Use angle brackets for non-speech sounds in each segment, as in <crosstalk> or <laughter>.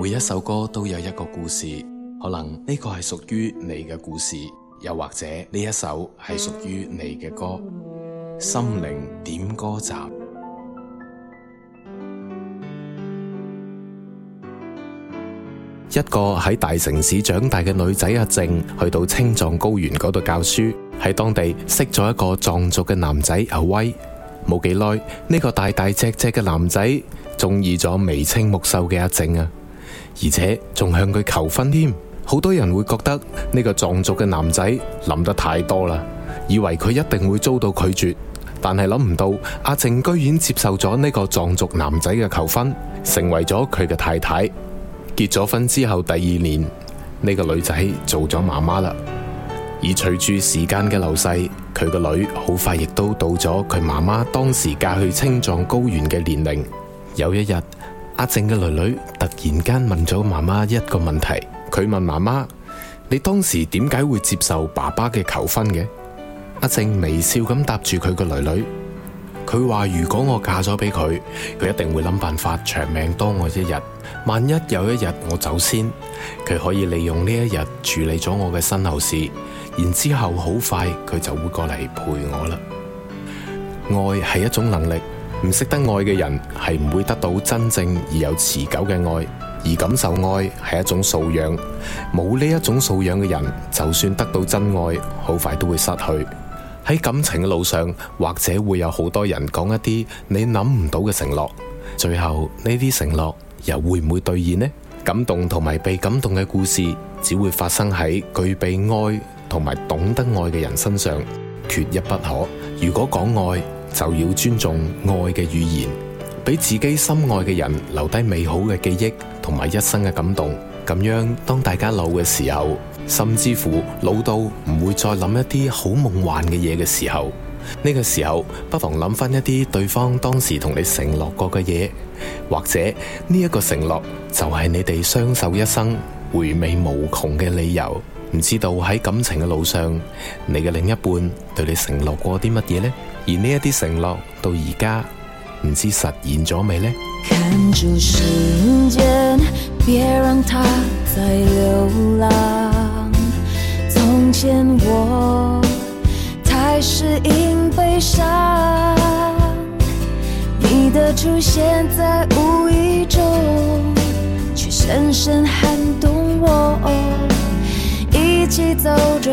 每一首歌都有一個故事，可能呢個係屬於你嘅故事，又或者呢一首係屬於你嘅歌。心靈點歌站， <music> 一個喺大城市長大嘅女仔阿靜，去到青藏高原嗰度教書，喺當地識咗一個藏族嘅男仔阿威。冇幾耐，呢個大大隻隻嘅男仔中意咗眉清目秀嘅阿靜啊！而且仲向佢求婚添，好多人會覺得呢個藏族嘅男仔諗得太多啦，以為佢一定會遭到拒絕。但係諗唔到，阿靜居然接受咗呢個藏族男仔嘅求婚，成為咗佢嘅太太。結咗婚之後第二年，呢個女仔做咗媽媽啦。而隨住時間嘅流逝，佢個女好快亦都到咗佢媽媽當時嫁去青藏高原嘅年齡。有一日，阿靜嘅女女突然間問咗媽媽一個問題，佢問媽媽：你當時點解會接受爸爸嘅求婚嘅？阿靜微笑咁答住佢個女女：「佢話如果我嫁咗俾佢，佢一定會諗辦法長命多我一日。萬一有一日我走先，佢可以利用呢一日處理咗我嘅身後事，然之後好快佢就會過嚟陪我啦。愛係一種能力。唔識得愛嘅人係唔會得到真正而有持久嘅愛，而感受愛係一種素養。冇呢一種素養嘅人，就算得到真愛，好快都會失去。喺感情嘅路上，或者會有好多人講一啲你諗唔到嘅承諾，最後呢啲承諾又會唔會兌現呢？感動同埋被感動嘅故事，只會發生喺具備愛同埋懂得愛嘅人身上，缺一不可。如果講愛，就要尊重愛嘅語言，俾自己心愛嘅人留低美好嘅記憶同埋一生嘅感動。咁樣，當大家老嘅時候，甚至乎老到唔會再諗一啲好夢幻嘅嘢嘅時候，呢個時候不妨諗翻一啲對方當時同你承諾過嘅嘢，或者呢一個承諾就係你哋相守一生回味無窮嘅理由。唔知道喺感情嘅路上，你嘅另一半對你承諾過啲乜嘢呢？而呢一啲承諾到而家唔知實現咗未呢？看住時間，別讓它再流浪。從前我我。太適應悲傷，你的出現在無意中，卻深深撼動我。一起走着。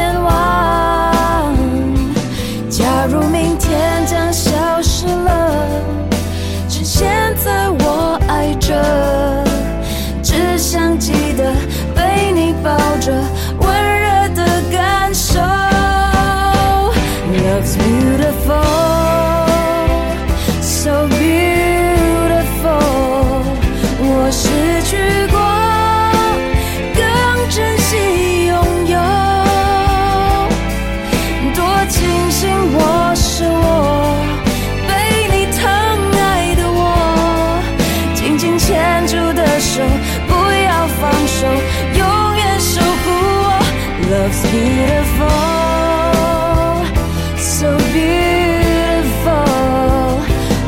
Love's beautiful so beautiful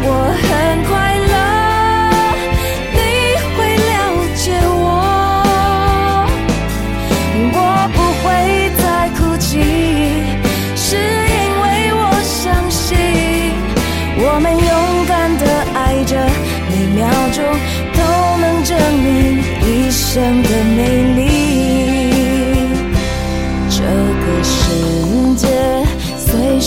我很快樂，你會了解我。我不會再哭泣，是因為我相信我們勇敢的愛着，每秒鐘都能證明一生的美麗。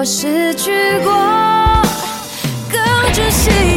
我失去過，更珍惜。